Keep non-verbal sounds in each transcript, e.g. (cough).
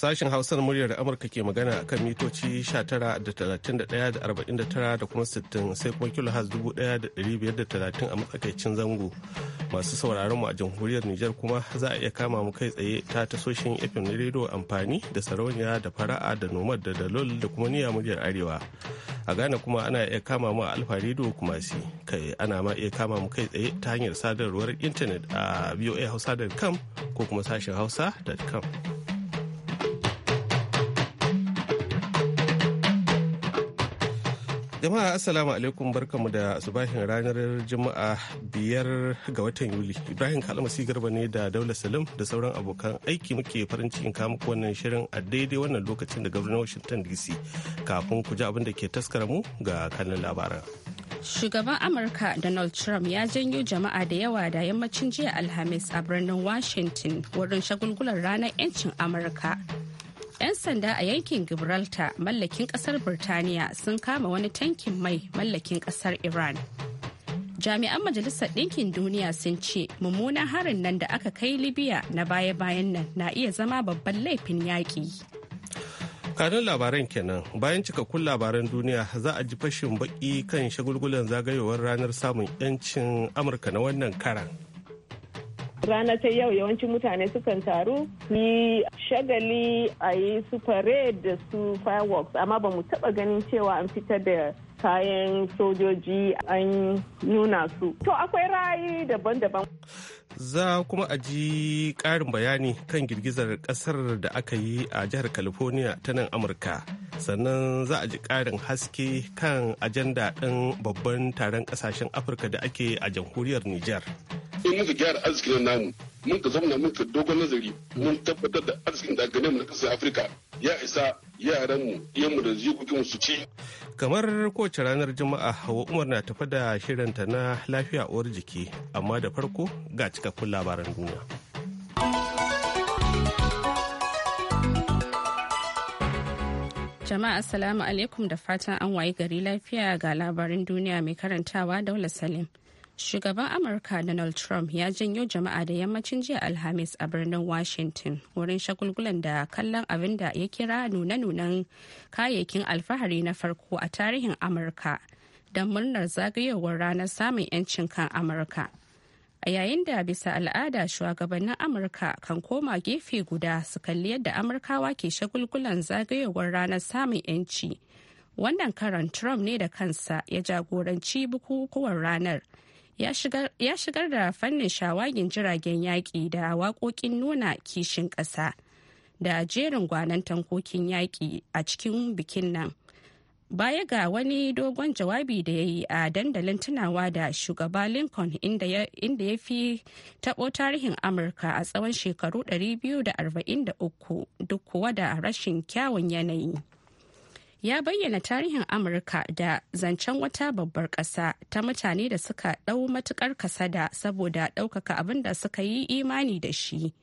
Sashen Hausar muryar Amurka ke magana a kan mitoci 19.31.49 da kuma 60 sai kuma kilohaz 1,530 a matsakaicin zango. Masu sauraron mu a jamhuriyar Nijar kuma za a iya kama mu kai tsaye ta tasoshin FM na rediyo amfani da sarauniya da fara'a da nomad da dalol da kuma niya muryar Arewa. A Ghana kuma ana iya kama mu a Alfa rediyo kuma si kai ana ma iya kama mu kai tsaye ta hanyar sadarwar intanet a voahausa.com ko kuma sashen hausa.com. Jama'a Assalamu alaikum barkamu da subahin ranar Juma'a biyar ga watan Yuli. Ibrahim si Garba ne da Daula Salim da sauran abokan aiki muke farin cikin kama wannan shirin a daidai wannan lokacin da gwamnatin Washington DC. Kafin ku ji abin da ke taskara mu ga kanin labaran. Shugaban Amurka Donald Trump ya janyo jama'a da yawa da yammacin jiya Alhamis a birnin Washington wurin shagulgular ranar 'yancin Amurka. 'Yan sanda a yankin Gibraltar mallakin kasar Birtaniya sun kama wani tankin mai mallakin kasar Iran. Jami'an Majalisar Ɗinkin Duniya sun ce mummunan harin nan da aka kai Libya na baya-bayan nan na iya zama babban laifin yaƙi. Kanun labaran kenan bayan cikakkun labaran duniya za a ji fashin baki kan shagulgulan zagayowar ranar samun 'yancin amurka na wannan karan. rana ta yau yawancin mutane sukan taru yi shagali a yi su parade da su fireworks amma ba mu taba ganin cewa an fitar da kayan sojoji an nuna su to akwai rayu daban-daban za kuma a ji ƙarin bayani kan girgizar ƙasar da aka yi a jihar california ta nan amurka sannan za a ji ƙarin haske kan ajanda ɗin babban taron ƙasashen afirka da ake a jamhuriyar niger in muka gyara arzikin namu mun ka zamana mun ka dogon nazari mun tabbatar da arzikin da ganin mu na kasar afirka ya isa yaranmu yanmu da jikokinmu su ci. kamar kowace ranar juma'a hawa umar na tafi da shirinta na lafiya uwar jiki amma da farko ga cikakkun labaran duniya. jama'a assalamu alaikum da fatan an wayi gari lafiya ga labarin duniya mai karantawa daula salim shugaban amurka donald trump ya janyo jama'a da yammacin jiya alhamis a birnin washington wurin shagulgulan da kallon abin da ya kira nuna-nunan kayayyakin alfahari na farko a tarihin amurka don murnar zagayowar ranar samun 'yancin kan amurka a yayin da bisa al'ada shugabannin amurka kan koma gefe guda su kalli yadda amurkawa ke shagulgulan zagayowar ranar samun 'yanci wannan karan trump ne da kansa ya jagoranci bukukuwan ranar ya shigar da fannin shawagin jiragen yaƙi da waƙoƙin nuna kishin ƙasa da jerin gwanan tankokin yaƙi a cikin bikin nan baya ga wani dogon jawabi da ya yi a dandalin tunawa da shugaba lincoln inda ya fi tabo tarihin amurka a tsawon shekaru 243 duk kuwa da rashin kyawun yanayi ya bayyana tarihin amurka da zancen wata babbar kasa ta mutane da suka ɗau matuƙar kasada saboda ɗaukaka abin da suka yi imani da shi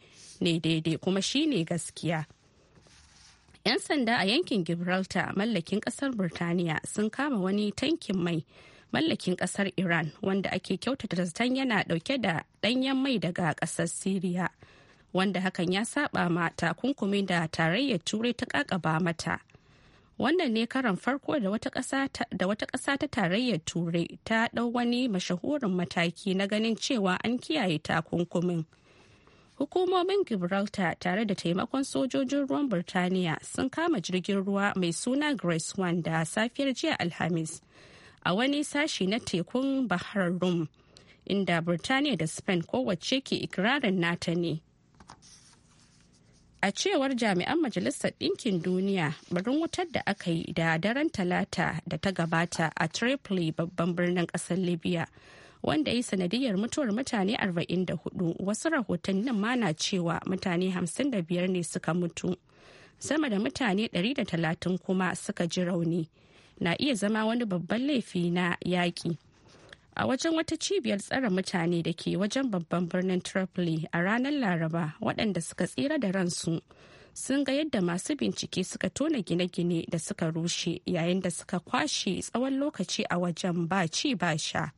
ne daidai kuma shi ne gaskiya 'yan sanda a yankin gibraltar mallakin ƙasar birtaniya sun kama wani tankin mai mallakin ƙasar iran wanda ake kyautata zaton yana dauke da danyen mai daga ƙasar syria wanda hakan ya saba ma takunkumi da tarayyar turai ta kakaba mata wannan ne karan farko da wata ƙasa ta tarayyar turai ta ɗau wani mashahurin mataki na ganin cewa an kiyaye takunkumin hukumomin gibraltar tare da taimakon sojojin ruwan birtaniya sun kama jirgin ruwa mai suna grace one da safiyar jiya alhamis a wani sashi na tekun bahar rum inda birtaniya da spain kowace ke ikirarin nata ne A cewar jami'an Majalisar Ɗinkin Duniya, barin wutar da aka yi da daren talata da ta gabata a Tripoli babban birnin ƙasar Libya, wanda ya yi sanadiyar mutuwar mutane 44 wasu rahotannin ma na cewa mutane 55 ne suka mutu. Sama da mutane 130 kuma suka ji rauni. Na iya zama wani babban laifi na yaƙi. a wajen wata cibiyar tsare mutane da ke wajen babban birnin Tripoli a ranar Laraba waɗanda suka tsira da ransu. sun ga yadda masu bincike suka tona gine-gine da suka rushe yayin da suka kwashe tsawon lokaci a wajen ba ci ba sha.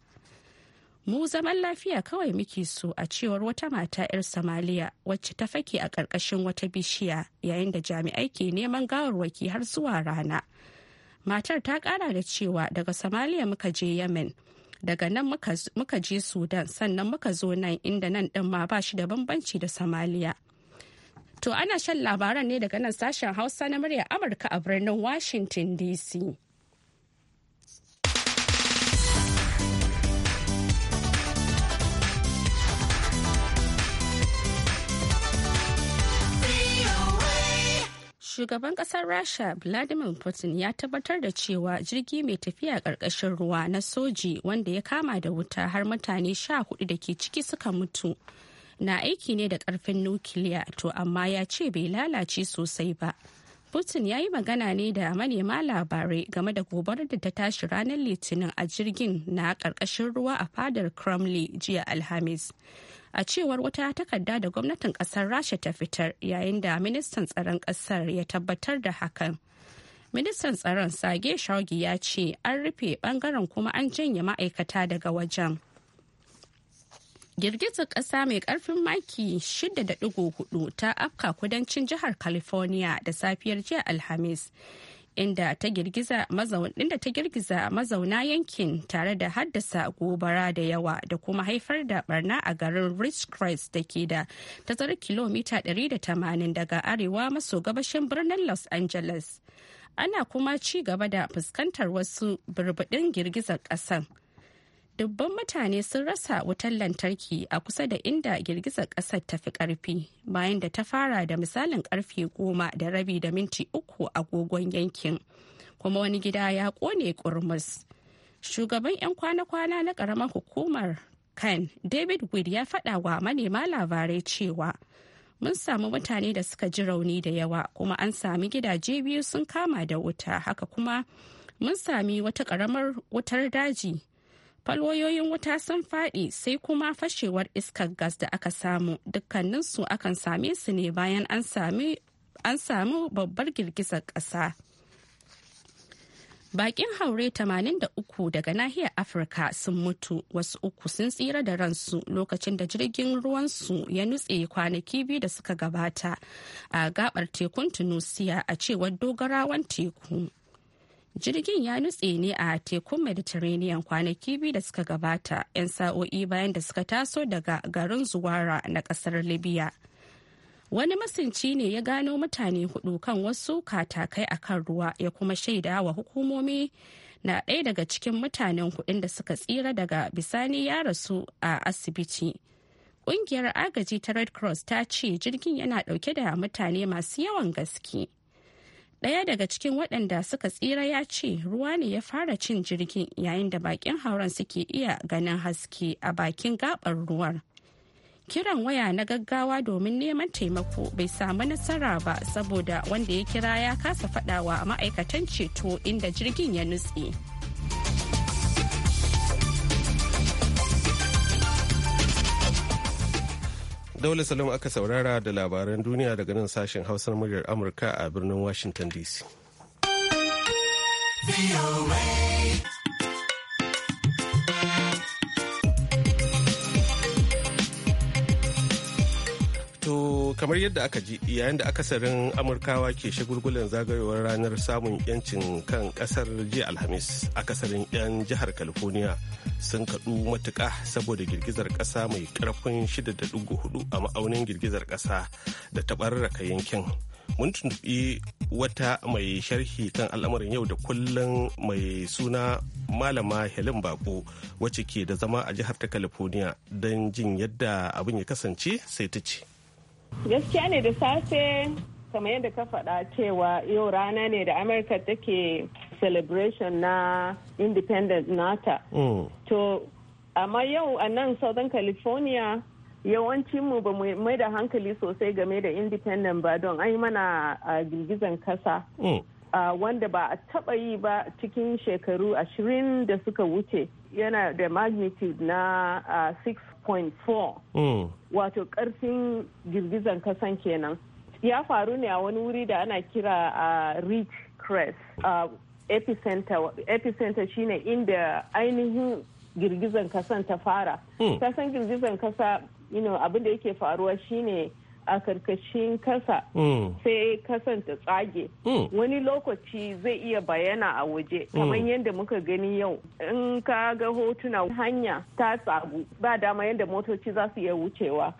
Mu zaman lafiya kawai muke so a cewar wata mata 'yar Somalia wacce ta fake a ƙarƙashin wata bishiya yayin da jami'ai ke neman gawarwaki har zuwa rana. Matar ta ƙara da cewa daga Somalia muka je Yemen. daga nan muka je sudan sannan muka zo nan inda nan din ma ba shi da bambanci da samaliya to ana shan labaran ne daga nan sashen hausa na murya amurka a birnin washington dc shugaban kasar rasha vladimir putin ya tabbatar da cewa jirgi mai tafiya karkashin ruwa na soji wanda ya kama da wuta har mutane sha hudu da ke ciki suka mutu na aiki ne da karfin nukiliya to amma ya ce bai lalace sosai ba putin ya yi magana ne da manema labarai game da gobarar da ta tashi ranar litinin a jirgin na karkashin ruwa a fadar kremlin jiya alhamis a cewar wata takarda da gwamnatin kasar rasha ta fitar yayin da ministan tsaron kasar ya tabbatar da hakan ministan tsaron sage shogi ya ce an rufe bangaren kuma an janye ma'aikata daga wajen girgizar ƙasa mai karfin maki 6.4 ta afka kudancin jihar california da safiyar jiya alhamis inda ta girgiza mazauna yankin tare da haddasa gobara da yawa da kuma haifar da barna a garin ridgecrest da ke da tazarar kilomita 180 daga arewa maso gabashin birnin los angeles ana kuma ci gaba da fuskantar wasu birbiɗin girgizar ƙasan dubban mutane sun rasa wutar lantarki a kusa da inda girgizar ƙasar ta fi ƙarfi bayan da ta fara da misalin ƙarfe goma da rabi da minti uku agogon yankin kuma wani gida ya kone ƙurmus shugaban 'yan kwana-kwana na karamar hukumar kan david wood ya faɗa wa manema labarai cewa mun samu mutane da suka ji rauni da yawa kuma an sami gidaje biyu sun kama da wuta haka kuma mun sami wata karamar wutar daji falwayoyin wuta sun faɗi sai kuma fashewar iskar gas da aka samu dukkaninsu akan same su ne bayan an samu babbar girgizar ƙasa. Bakin haure 83 daga nahiyar Afirka sun mutu wasu uku sun tsira da ransu lokacin da jirgin ruwansu ya nutse kwanaki biyu da suka gabata a gabar tekun Tunusiya a cewar dogarawan teku. jirgin ya nutse ne a tekun mediterranean kwanaki biyu da suka gabata 'yan sa'o'i bayan da suka taso daga garin zuwara na kasar libya wani masinci ne ya gano mutane hudu kan wasu katakai a kan ruwa ya kuma shaida wa hukumomi na ɗaya daga cikin mutanen kuɗin da suka tsira daga bisani ya rasu a asibiti ƙungiyar agaji ta red cross ta ce jirgin yana ɗauke da mutane masu yawan gaske Ɗaya daga cikin waɗanda suka tsira ya ce ruwa ne ya fara cin jirgin yayin da bakin hauren suke iya ganin haske a bakin gabar ruwan. Kiran waya na gaggawa domin neman taimako bai samu nasara ba saboda wanda ya kira ya kasa faɗawa ma'aikatan ceto inda jirgin ya nutse. Daula Salam aka saurara da labaran duniya daga nan sashen hausar muryar Amurka a birnin Washington DC. To kamar yadda aka ji yayin da akasarin Amurkawa ke shagulgulan zagayowar ranar samun 'yancin kan kasar jiya Alhamis, akasarin 'yan jihar California sun kaɗu matuka saboda girgizar kasa mai karfin 6.4 a ma'aunin girgizar ƙasa da taɓarraka yankin. Mun tuntuɓi wata mai sharhi kan al'amarin yau da kullum mai suna Malama Helen Bako wacce ke da zama a jihar ta California don jin yadda abin ya kasance sai ta ce. Gaskiya ne da safe kamar yadda ka faɗa cewa yau rana ne da Amurka take celebration na independent nata. Mm. To, amma yau a nan Southern California mu ba mai da hankali sosai game da independent ba don an yi mana girgizan kasa. Mm. a wanda ba a taba yi ba cikin shekaru ashirin da suka wuce yana da magnitude na 6.4 hmm. wato karfin girgizan kasan kenan ya faru ne a wani wuri da ana kira a uh, rich crest uh, epicenter epicenter shine inda ainihin girgizan kasan ta fara hmm. kasan girgizan kasa abinda abin da yake faruwa shine a karkashin kasa mm. sai kasan ta tsage mm. wani lokaci zai iya bayana a waje mm. kamar yadda muka gani yau in ka ga hotuna hanya ta tsagu ba dama yadda motoci za su iya wucewa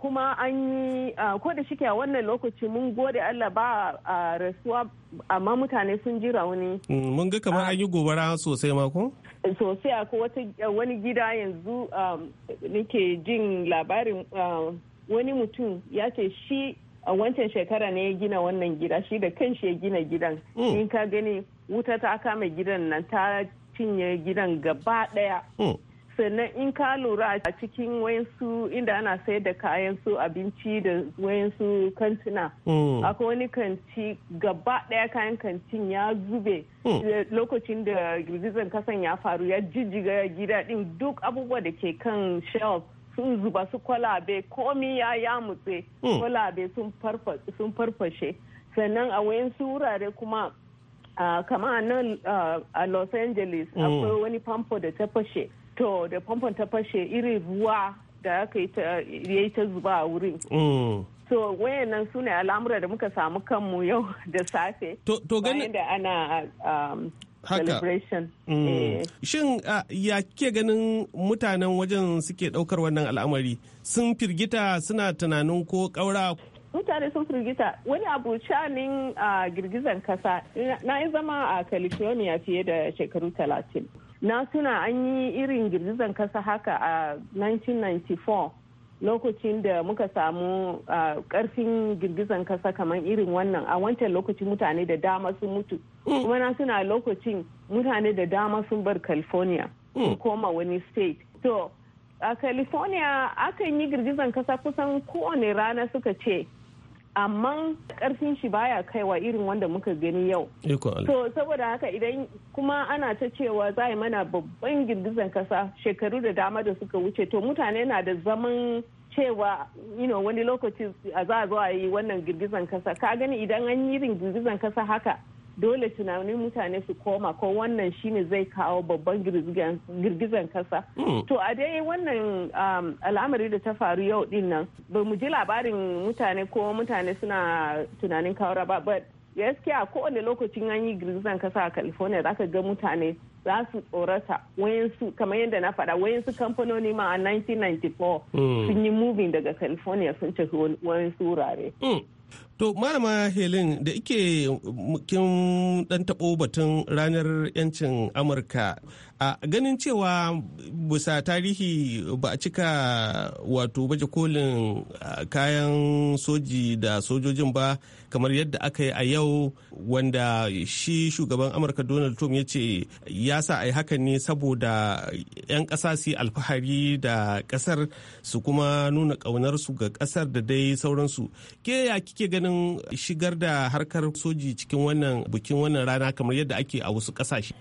kuma an yi ko da shike a wannan lokaci mun gode Allah ba a rasuwa amma mutane sun ji rauni. mun ga kamar an yi gobara sosai mako? Sosai akwai wani gida yanzu um, nake jin labarin um, wani mutum ya ce shi a wancan shekara ne ya gina wannan gida shi da kan shi ya gina gidan mm. in ka gani wuta ta kama gidan nan ta cinye gidan gaba daya mm. sannan in ka lura a cikin wayansu inda ana sayar da kayan su abinci da wayansu kantuna mm. akwai wani kanti gaba daya kayan kantin ya zube eh, lokacin da girgizan kasan ya faru ya jijjiga gida din duk abubuwa da ke kan shelf sun zuba su kwalabe komi ya ya mutse hmm. kwalabe sun farfashe sannan a wayansu wurare kuma kama nan a los angeles hmm. akwai wani famfo da ta fashe to da famfon ta fashe irin ruwa da aka yi ta ta zuba a wurin mm. so wayannan su ne al'amura da muka samu kanmu yau (laughs) da safe to bayan da ana um, haka mm. eh. shin ah, ya ke ganin mutanen wajen suke daukar wannan al'amari sun firgita suna tunanin ko kaura mutane sun firgita wani abu shanin ah, girgizar kasa na yi zama a california fiye da shekaru talatin na suna an yi irin girgizan kasa haka a 1994 lokacin da muka samu karfin girgizan kasa kamar irin wannan a wancan lokacin mutane da dama sun mutu hmm. kuma na suna lokacin mutane da dama sun bar california hmm. koma wani state so a california akan yi girgizan kasa kusan kowane rana suka ce amma karfin shi baya kaiwa irin wanda muka gani yau. To saboda haka idan kuma ana ta cewa za yi mana babban girgizan kasa shekaru da dama da suka wuce to mutane na da zaman cewa you wani lokaci a za a zo a yi wannan girgizan kasa ka gani idan an yi irin girgizan kasa haka dole tunanin mutane su koma ko wannan shine zai kawo babban girgizan kasa hmm. to a dai wannan um, al'amari da ta faru yau din nan ba mu ji labarin mutane ko mutane suna tunanin kawo ba but gaskiya kowane lokacin an yi girgizan kasa a california za ka ga mutane za su tsorata wayansu kamar yadda na faɗa wayansu kamfanoni ma a 1994 hmm. sun yi moving daga california sun tafi wayansu wurare hmm. To malama Helen da ike kin dan taɓo batun ranar 'yancin Amurka a ganin cewa bisa tarihi ba a cika wato baje kolin kayan soji da sojojin ba kamar yadda aka yi a yau wanda shi shugaban amurka donald trump ya ce ya sa a yi hakan ne saboda 'yan ƙasa su alfahari da ƙasar su kuma nuna ƙaunarsu ga ƙasar da dai sauransu ke ya kike ganin shigar da harkar soji cikin wannan bikin wannan rana kamar yadda ake a wasu ƙasashe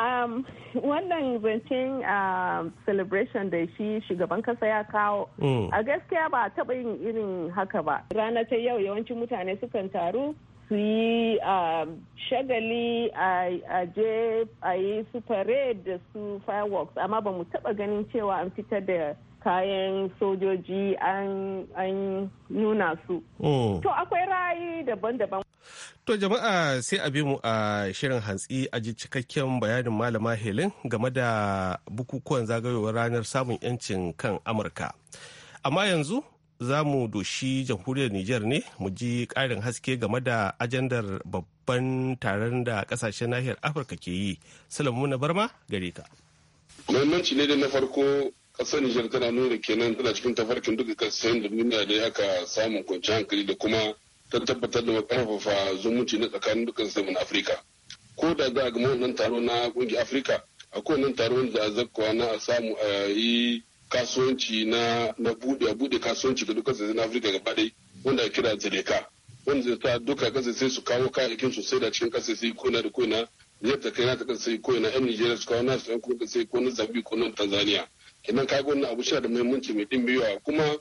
Um, wannan zancen uh, celebration da shi shugaban kasa ya kawo mm. a gaskiya ba taɓa yin irin haka ba rana ta yau yawancin mutane sukan taru su yi um, shagali a je a yi su parade da su fireworks amma ba mu taɓa ganin cewa an fitar da kayan sojoji an nuna su mm. to akwai ra'ayi daban-daban To jama'a sai a bi mu a shirin hantsi a ji cikakken bayanin malama helin game da bukukuwan zagayowar ranar samun 'yancin kan Amurka. Amma yanzu za mu doshi jamhuriyar Nijar ne mu ji ƙarin haske game da ajandar babban taron da kasashen nahiyar Afirka ke yi. Salamu na barma gare ka. Muhimmanci ne da na farko kasar Nijar tana nuna kenan tana cikin tafarkin duka kasashen da duniya da aka samun kwanciyar hankali da kuma ta tabbatar da karfafa zumunci na tsakanin dukkan saman afirka ko da za a gama wannan taro na kungiyar afirka akwai wannan taro da zakkowa na samu a yi kasuwanci na na bude a bude kasuwanci ga dukkan sassan afirka gaba ɗaya wanda kira zileka wanda zai sa duka kasa sai su kawo kayayyakin su sai da cikin kasa sai na da kona yadda kai na ta kasa sai na yan nigeria su kawo nasu yan kuma sai na zambi ko na tanzania kenan kaga wannan abu shi da muhimmanci mai ɗin biyuwa kuma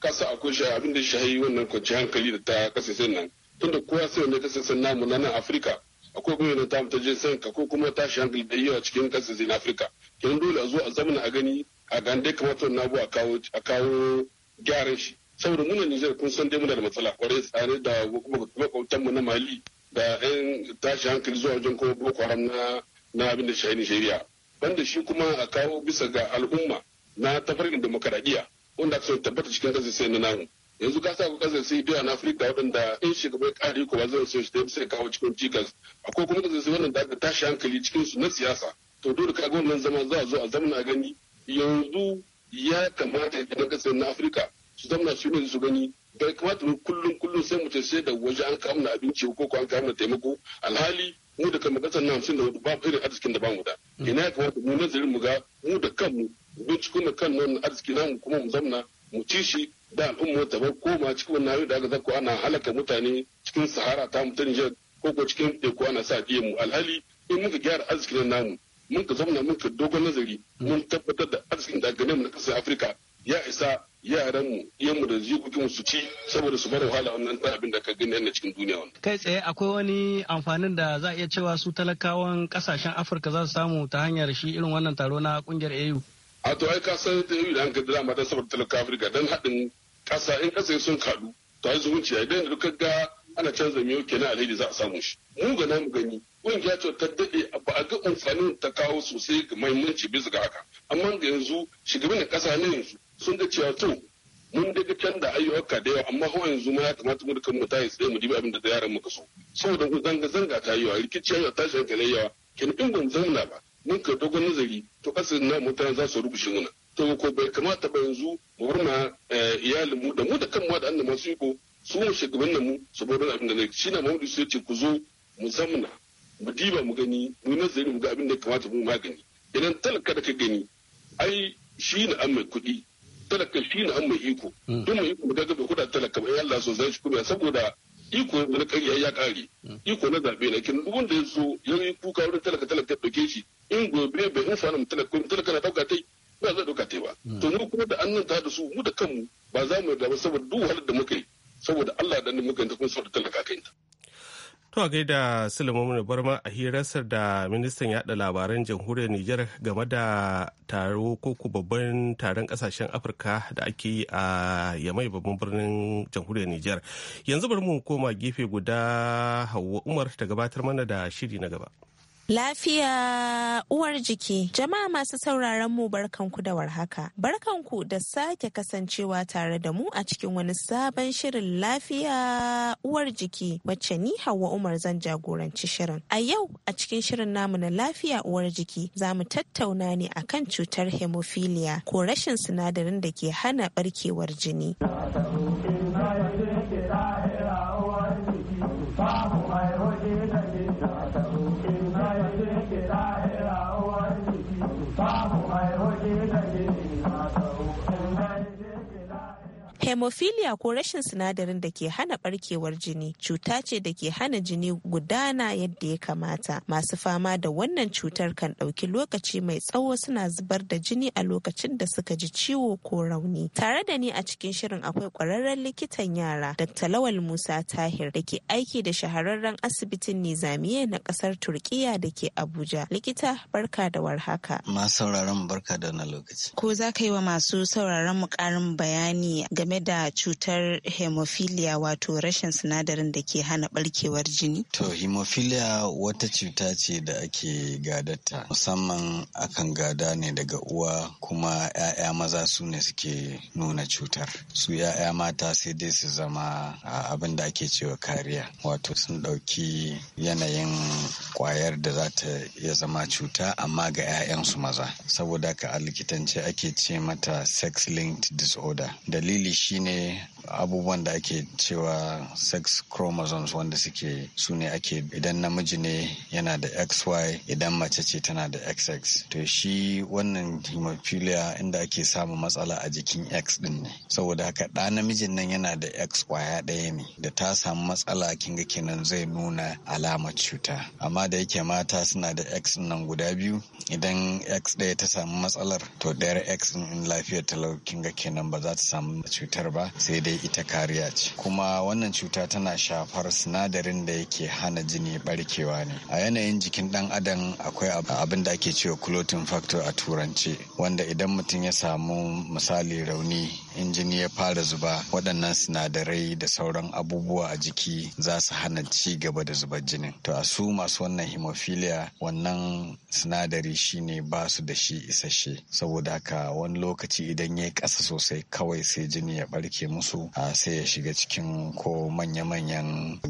kasa akwai shi abin da shayi wannan kwanci hankali da ta sai nan tunda kowa sai wanda kasashen namu na nan afirka akwai yana ta ta je ka ko kuma tashi hankali da yawa cikin na afirka kenan dole a zo a zamana a gani a gande kamata wannan abu a kawo gyaran shi saboda muna Nijar kun san dai muna da matsala kwarai tsare da kuma makwabtan mu na Mali da yan tashi hankali zuwa wajen kuma Boko Haram na na abin da ne shari'a banda shi kuma a kawo bisa ga al'umma na tafarkin demokaradiyya wanda su tabbata cikin kasa sai na namu yanzu ka sa ku sai biya na afirka waɗanda in shugaban ƙari ko ba zai so shi sai kawo cikin cikas akwai kuma kasa sai wannan aka tashi hankali cikin su na siyasa to dole ka ga wannan zama za a zo a zamana gani yanzu ya kamata idan kasa na afrika su zamana su ne su gani bai kamata mu kullum kullum sai mu ce sai da waje an na abinci ko ko an na taimako alhali mu da kanmu kasar nan sun da wadu babu irin arzikin da ba bamu da mm. ina ya kamata mu nazarin mu ga mu da kanmu binciko da kan nan arziki namu kuma mu zamna mu ci shi da al'umma ta bar koma cikin wannan hari da aka zako ana halaka mutane cikin sahara ta mutum Nijar ko ko cikin teku ana sa biye mu alhali in muka gyara arzikin namu mun ka zamna mun ka dogon nazari mm. mun tabbatar da arzikin da ganin mu na kasar Afirka ya isa yaran mu da jikokinmu su ci saboda su bar wahala wannan ta abin da ka gani na cikin duniya wannan. kai tsaye akwai wani amfanin da za a iya cewa su talakawan kasashen afirka za su samu ta hanyar shi irin wannan taro na kungiyar au. a to ai ka san da yau da hankali da mata saboda talakawa afirka don haɗin ƙasa in ƙasa sun kaɗu to ai zumunci a idan duka ga ana canza miyo kenan alheri za a samu shi mu ga namu gani kungiya ce ta daɗe ba a ga amfanin ta kawo sosai ga muhimmanci bisa ga haka amma ga yanzu shugaban ƙasa ne yanzu sun ga cewa to mun daga can da ayyuka da yawa amma hawa yanzu ma ya kamata mu dukan mu ta tsaye mu dibi abin da yaran muka so saboda zanga zanga ta yi wa, rikici yawa shan hankali yawa kin in ban zauna ba mun ka dogon nazari to asirin na mutane za su rubuce muna to ko bai kamata ba yanzu mu warma eh, iyalin mu da mu da kan mu da su yi ko, su mu shugabannin mu su bar abin da ne shi na maudu sai ce ku zo mu zamna mu diba mu gani mu nazari mu ga abin da kamata mu magani idan talaka da ka gani ai shi ne an mai kuɗi talaka shi ne an mai iko mm. don mai iko ga gaba kuɗa talaka bai Allah so zai shi kuma saboda iko na kai ya kare mm. iko na zaɓe na kin duk wanda ya ya yi kuka wurin talaka talaka ɗauke shi in gobe bai in fara talaka talaka na dauka tai ba zai dauka tai ba mm. to mu kuma da annan ta da su mu da kanmu ba za mu da ba saboda duk halin da muka yi saboda Allah da muka yi ta kuma saboda talaka kai ta. To a gaida Sulaiman Barma a hirarsa da ministan yaɗa labaran jamhuriyar Nijar game da taro ko ku babban taron kasashen Afirka da ake yi a Yamai babban birnin jamhuriyar Nijar. Yanzu bari mu koma gefe guda Hauwa Umar ta gabatar mana da shiri na gaba. Lafiya uwar jiki. Jama'a masu sauraron mu barkanku da warhaka. Barkanku da sake kasancewa tare da mu a cikin wani sabon shirin lafiya uwar jiki wacce ni Hauwa Umar zan jagoranci shirin. A yau a cikin shirin namu na lafiya uwar jiki za mu tattauna ne akan cutar hemophilia ko rashin sinadarin da ke hana barkewar jini. Hemophilia ko rashin sinadarin da ke hana barkewar jini cuta ce da ke hana jini gudana yadda ya kamata. Masu fama da wannan cutar kan ɗauki lokaci mai tsawo suna zubar da jini a lokacin da suka ji ciwo ko rauni. Tare da ni a cikin shirin akwai ƙwararren likitan yara Dr. Lawal Musa Tahir da ke aiki da shahararren asibitin Nizamiya na ƙasar Turkiya da ke Abuja. Likita barka da warhaka. Masu sauraron barka da wani lokaci. Ko za ka yi wa masu sauraron mu ƙarin bayani game da cutar hemophilia wato rashin sinadarin da ke hana barkewar jini? To hemophilia wata cuta ce da ake gadata musamman akan gada ne daga uwa kuma 'ya'ya maza su ne suke nuna cutar. Su 'ya'ya mata sai dai su zama abin da ake cewa kariya wato sun ɗauki yanayin kwayar da za ta iya zama cuta amma ga 'ya'yansu maza saboda ka a likitance ake ce mata sex linked disorder dalili shi ne abubuwan da ake cewa sex chromosomes wanda suke su ne ake idan namiji ne yana da xy idan mace ce tana da xx to shi wannan hemophilia inda ake samun matsala a jikin x din ne saboda haka ɗa namijin nan yana da x kwaya ɗaya ne da ta samu matsala kinga kenan zai nuna alama cuta amma da yake mata suna da x nan guda biyu idan x ɗaya ta samu matsalar to ɗayar x in lafiyar talau kinga kenan ba za ta samu cuta cutar ba sai dai ita kariya ce kuma wannan cuta tana shafar sinadarin da yake hana jini barkewa ne a yanayin jikin dan adam akwai abin da ake cewa clotting factor a turance wanda idan mutum ya samu misali rauni injini ya fara zuba waɗannan sinadarai da sauran abubuwa a jiki za su hana ci gaba da zubar jini. to a su masu wannan hemophilia wannan sinadari shine ba su da shi isasshe saboda haka wani lokaci idan ya ƙasa sosai kawai sai jini ya ɓarke musu a sai ya shiga cikin ko manya-manyan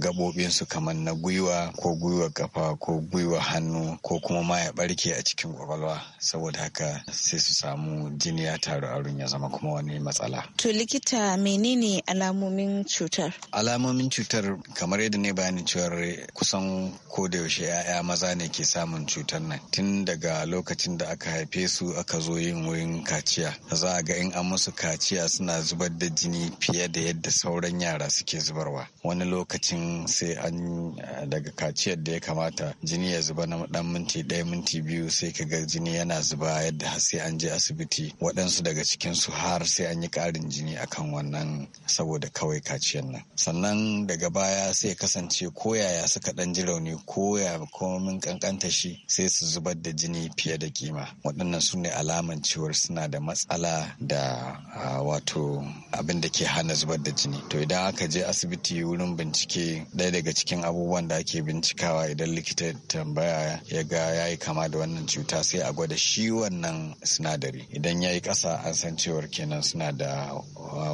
su kamar na gwiwa ko gwiwar kafa ko gwiwar hannu ko kuma ma ya ɓarke a cikin kwakwalwa saboda haka sai su samu jini ya taru a ya zama kuma wani matsala To likita menene alamomin cutar? Alamomin cutar kamar yadda ne bayanin cewar kusan ko da yaushe 'ya'ya maza ne ke samun cutar nan tun daga lokacin da aka haife su aka zo yin wurin kaciya za a ga in an musu kaciya suna zubar da jini fiye da yadda sauran yara suke zubarwa wani lokacin sai an daga kaciyar da ya kamata jini ya zuba na dan minti ɗaya minti biyu sai ka ga jini yana zuba yadda sai an je asibiti waɗansu daga cikin su har sai an yi ƙarin jini akan wannan saboda kawai kaciyan nan sannan daga baya sai kasance koyaya suka ɗan ji rauni koya komin kankanta shi sai su zubar da jini fiye da kima waɗannan su ne alaman cewar suna da matsala da wato abin da ke hana zubar da jini to idan aka je asibiti wurin bincike ɗaya daga cikin abubuwan da ake bincikawa idan likita tambaya ya ga ya yi kama da wannan cuta sai a gwada shi wannan sinadari idan ya yi ƙasa an san cewar kenan suna da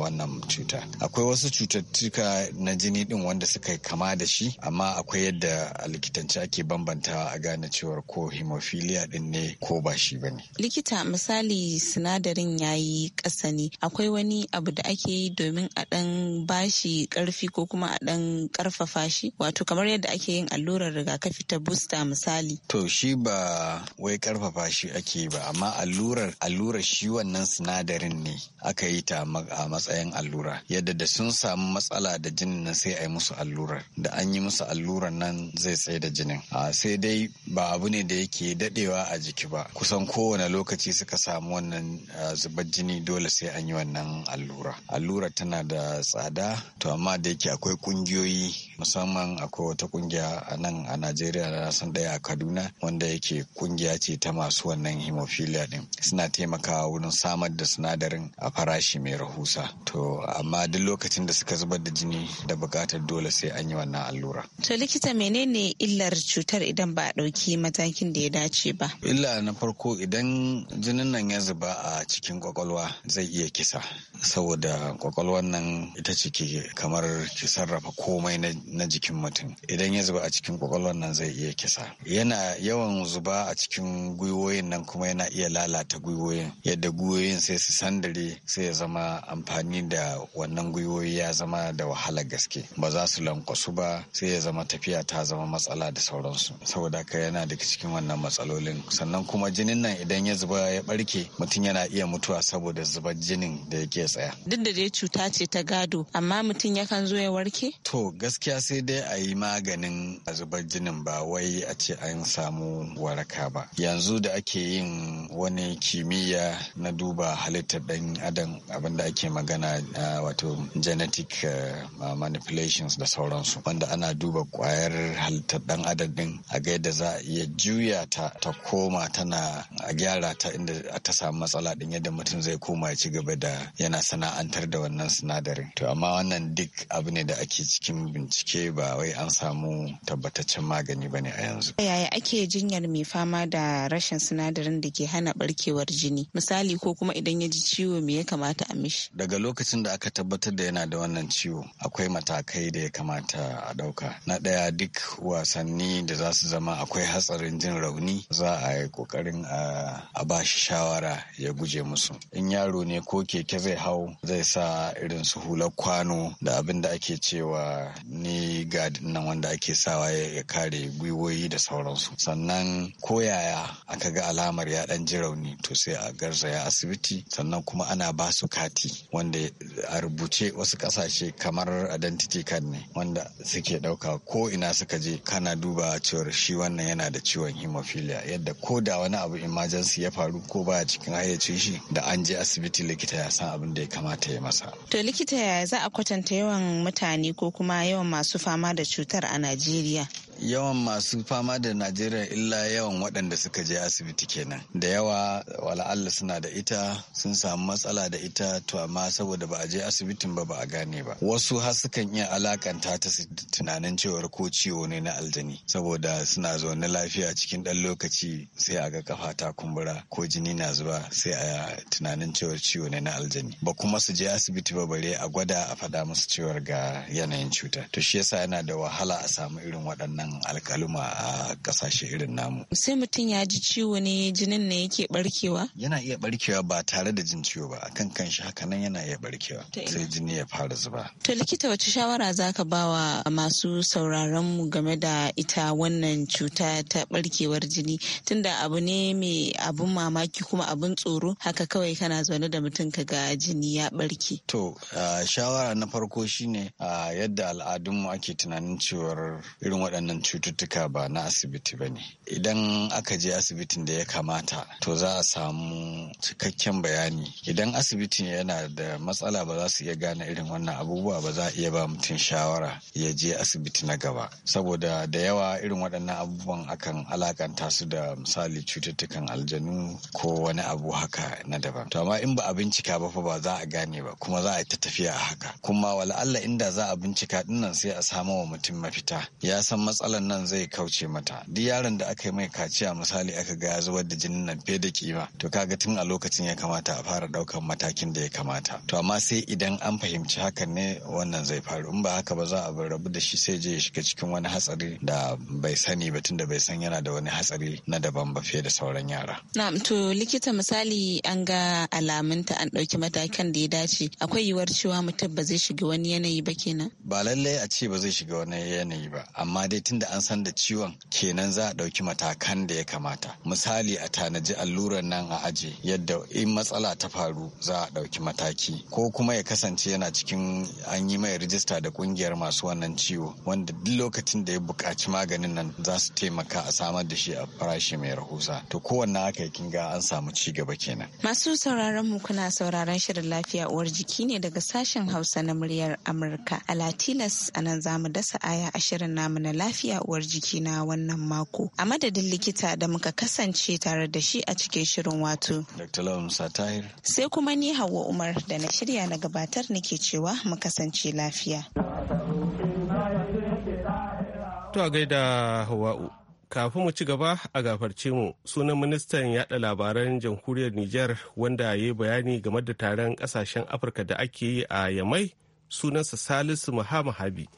wannan cuta akwai wasu cututtuka na jini din wanda suka kama da shi amma akwai yadda a likitance ake bambantawa a gane cewar ko hemophilia din ne ko ba shi ba ne likita misali sinadarin ya yi ƙasa ne akwai wani abu da ake yi domin a ɗan bashi karfi ko kuma a ɗan ƙarfafa shi wato kamar yadda ake yin allurar rigakafi ta booster misali to shi ba wai ƙarfafa shi ake ba amma allurar allurar shi wannan sinadarin ne aka yi ita a matsayin allura yadda da sun samu matsala da jinin nan sai a yi musu allurar da an yi musu allurar nan zai tsaye da jinin a sai dai ba abu ne da yake dadewa a jiki ba kusan kowane lokaci suka samu wannan zubar jini dole sai an yi wannan allura allura tana da tsada to amma da yake akwai kungiyoyi musamman akwai wata kungiya a nan a najeriya na san daya a kaduna wanda yake kungiya ce ta masu wannan hemophilia din suna taimakawa wurin samar da sinadarin a farashi shi mai rahusa to amma duk lokacin da suka zubar da jini da bukatar dole sai an yi wannan allura to likita menene illar cutar idan ba a ɗauki matakin da ya dace ba illa na farko idan jinin nan ya zuba a cikin kwakwalwa zai iya kisa saboda kwakwalwar nan ita ce kamar ki sarrafa komai na jikin mutum idan ya zuba a cikin kwakwalwan nan zai iya kisa yana yawan zuba a cikin gwiwoyin nan kuma yana iya lalata gwiwoyin yadda gwiwoyin sai su sandare sai ya zama amfani da wannan gwiwoyi ya zama da wahala gaske ba za su lankwasu ba sai ya zama tafiya ta zama matsala da sauransu saboda haka yana daga cikin wannan matsalolin sannan kuma jinin nan idan ya zuba ya barke mutum yana iya mutuwa saboda zubar jinin da yake tsaya duk da dai cuta ce ta gado amma mutum yakan zo ya warke to gaskiya sai dai a yi maganin a zubar jinin ba wai a ce an samu waraka ba yanzu da ake yin wani kimiyya na duba halittar dan adam abin da ake magana wato genetic eh, manipulations da sauransu wanda ana duba kwayar halittar dan adadin, a ga yadda za a iya juya ta ta koma tana a gyara ta inda ta samu matsala din yadda mutum zai koma ya ci gaba da yana sana'antar da wannan sinadarin to amma wannan duk abu ne da ake cikin bincike ba wai an samu tabbataccen magani bane a yanzu yaya ake jinyar mai fama da rashin sinadarin da ke hana barkewar jini misali ko kuma idan ya ji ciwo me ya kamata a mishi. Daga lokacin da aka tabbatar da yana da wannan ciwo akwai matakai da ya kamata a ɗauka. Na ɗaya duk wasanni da za su zama akwai hatsarin jin rauni za a yi ƙoƙarin a ba shi shawara ya guje musu. In yaro ne ko keke zai hau zai sa irin su hular kwano da abin da ake cewa ni gad nan wanda ake sawa ya kare gwiwoyi da sauransu. Sannan ko yaya aka ga alamar ya ɗan ji rauni to sai a garzaya asibiti sannan kuma ana ba su sukati wanda a rubuce wasu kasashe kamar identity card ne wanda suke dauka ko ina suka je kana duba cewar shi wannan yana da ciwon hemophilia yadda ko da wani abu emergency ya faru ko ba cikin hayyacin shi da an je asibiti likita ya san abin da ya kamata ya masa to likita yaya za a kwatanta yawan mutane ko kuma yawan masu fama da cutar a najeriya yawan masu fama da najeriya illa yawan waɗanda suka je asibiti kenan da yawa wala Allah suna da ita sun samu matsala da ita to amma saboda ba a je asibitin ba ba a gane ba wasu har sukan iya alakanta ta tunanin cewar ko ciwo ne na aljani saboda suna zaune lafiya cikin ɗan lokaci sai a ga kafa ta kumbura ko jini na zuba sai a tunanin cewar ciwo ne na aljani ba kuma su je asibiti ba bare a gwada a faɗa musu cewar ga yanayin cuta to shi yasa yana da wahala a samu irin waɗannan wannan alkaluma a kasashe irin namu. Sai mutum ya ji ciwo ne jinin ne yake barkewa? Yana iya barkewa ba tare da jin ciwo ba akan kanshi haka nan yana iya barkewa sai jini ya fara zuba. To likita wace shawara za ka ba wa masu sauraron mu game da ita wannan cuta ta barkewar jini tunda abu ne mai abun mamaki kuma abun tsoro haka kawai kana zaune da mutum ka ga jini ya barke. To shawara na farko shine yadda al'adunmu ake tunanin cewar irin waɗannan waɗannan cututtuka ba na asibiti ba ne idan aka je asibitin da ya kamata to za a samu cikakken bayani idan asibitin yana da matsala ba za su iya gane irin wannan abubuwa ba za a iya ba mutum shawara ya je asibiti na gaba saboda da yawa irin waɗannan abubuwan akan alakanta su da misali cututtukan aljanu ko wani abu haka na daban to amma in ba a bincika ba fa ba za a gane ba kuma za a ta tafiya a haka kuma wala'alla inda za a bincika dinnan sai a samo wa mutum mafita ya san matsala matsalan nan zai kauce mata duk yaron da aka yi mai kaciya misali aka ga ya zubar da jinin nan fiye da kima to kaga tun a lokacin ya kamata a fara daukan matakin da ya kamata to amma sai idan an fahimci hakan ne wannan zai faru in ba haka ba za a bar rabu da shi sai je ya shiga cikin wani hatsari da bai sani ba tunda bai san yana da wani hatsari na daban ba fiye da sauran yara na'am to likita misali an ga alamunta an dauki matakan da ya dace akwai yiwuwar cewa mutum ba zai shiga wani yanayi ba kenan ba lallai a ce ba zai shiga wani yanayi ba amma dai tun lokacin da an san da ciwon kenan za a ɗauki matakan da ya kamata misali a tanaji allurar nan a aje yadda in matsala ta faru za a ɗauki mataki ko kuma ya kasance yana cikin an yi mai rijista da kungiyar masu wannan ciwo wanda duk lokacin da ya buƙaci maganin nan za su taimaka a samar da shi a farashi mai rahusa to kowanne haka kin ga an samu ci gaba kenan masu sauraron mu kuna sauraron shirin lafiya uwar jiki ne daga sashen hausa na muryar amurka a latinas a nan za mu dasa aya a shirin namu na lafiya lafiya uwar jiki na wannan mako. A madadin likita da muka kasance tare da shi a cikin shirin wato. Sai kuma ni Hauwa Umar da na shirya na gabatar nake cewa mu kasance lafiya. To a gaida Hawa'u. Kafin mu ci gaba a gafarce mu sunan ministan yada labaran jamhuriyar Nijar wanda ya bayani game da taron kasashen Afirka da ake yi a Yamai sunansa Salisu Muhammad Habi.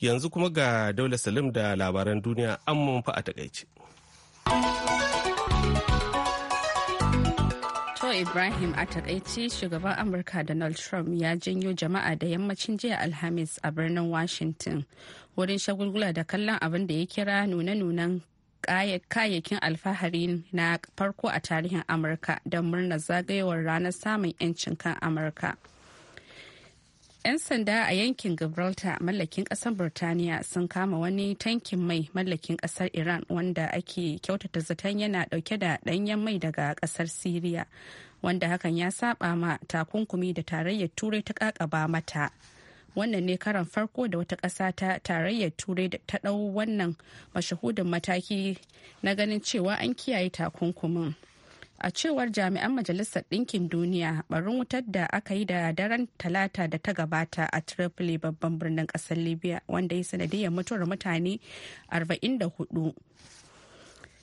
yanzu kuma ga daula salim da labaran duniya an manfa a takaice To Ibrahim a takaice shugaban Amurka Donald Trump ya janyo jama'a da yammacin jiya Alhamis a birnin Washington wurin shagulgula da kallon abin da ya kira nune-nunen kayayyakin alfahari na farko a tarihin Amurka don murnar zagayowar ranar samun 'yancin kan Amurka. 'Yan sanda a yankin Gibraltar mallakin kasar Burtaniya sun kama wani tankin mai mallakin ƙasar Iran wanda ake kyautata zaton yana dauke da danyen mai daga ƙasar Siriya, wanda hakan ya saba ma takunkumi da tarayyar Turai ta ƙaƙaba mata. Wannan ne karan farko da wata ƙasa ta tarayyar Turai ta ɗau wannan mashahudin mataki na ganin cewa an kiyaye takunkumin. a cewar jami'an majalisar ɗinkin duniya barin wutar da aka yi da daren talata da ta gabata a tripoli babban birnin ƙasar libya wanda ya sanadiyar mutuwar mutane 44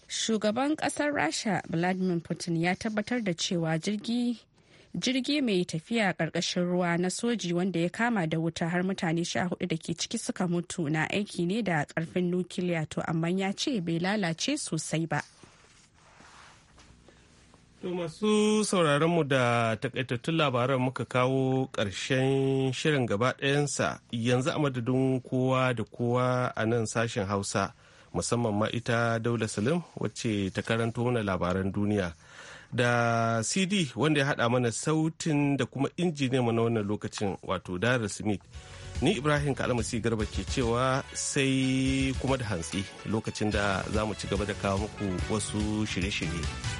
shugaban kasar rasha vladimir putin ya tabbatar da cewa jirgi mai tafiya karkashin ruwa na soji wanda ya kama da wuta har mutane 14 da ke ciki suka mutu na aiki ne da karfin nukiliya to amma ya ce bai lalace sosai ba To masu sauraronmu da takaitattun labaran muka kawo ƙarshen shirin gaba ɗayansa yanzu a madadin kowa da kowa a nan sashen Hausa musamman ma ita Daula Salim wacce ta karanto mana labaran duniya. Da CD wanda ya haɗa mana sautin da kuma injiniya mana wannan lokacin wato Dara Smith. Ni Ibrahim Kalmasi Garba ke cewa sai kuma da hantsi lokacin da za mu ci gaba da kawo muku wasu shirye-shirye.